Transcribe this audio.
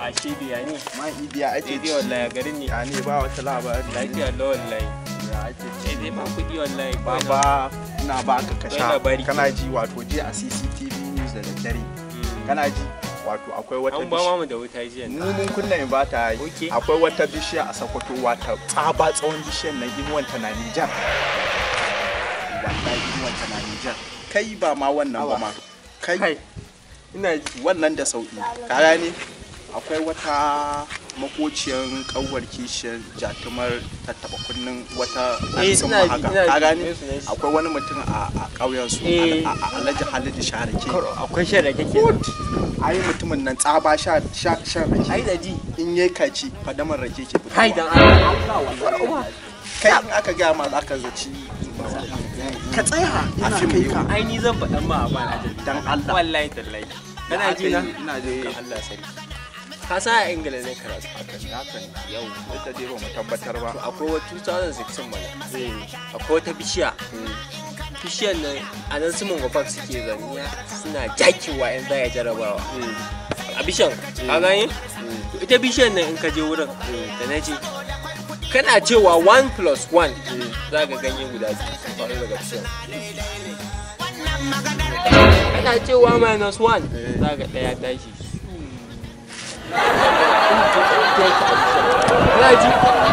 a shi biya ne ma ibiya ake ci wallahi garin ne a ne ba wata labari lafiya la wallahi ake ci eh, Ba kuɗi wallahi baba ina ba ka kasha kana ji wato je a CCTV news da daddare hmm. kana ji wato akwai wata bishiya mu da wuta jiya mu mun kunna in ba ta yi akwai wata bishiya a Sokoto wata tsaba tsawon bishiyan nan inuwan ta na Niger wallahi inuwan ta na Niger kai ba ma wannan ba ma kai ina wannan da sauki ka gane akwai wata makociyar kawar kishiyar jatumar tattaba kunnin wata eh, alisama haka ka gani akwai wani mutum a ƙauyen su eh. a alhaji halidu sharake akwai sharake ke Ayi mutumin nan tsaba sha rake da ji in yi kaci fadamar rake ke fitowa kai dan Allah kai in aka gaya ma za ka zaci ka tsaya ina kai ka ainihin zan faɗa ma a na dan Allah wallahi tallahi kana ji na ina ji Allah sai ka sa a ingila ne karatu hakan hakan yau duk da dai ba mu tabbatar ba akwai wata 2016 mana eh. akwai wata bishiya hmm. Bishiyan nan a nan su mangwafan suke ya suna jakewa yan zaya jarabawa hmm. a bishiyan ka hmm. gani ita bishiyan nan in ka je wurin da na je kana cewa 1 plus 1 za ga ganye guda biyu faru daga bishiyan kana cewa minus 1 eh. za ga daya tashi Thank you.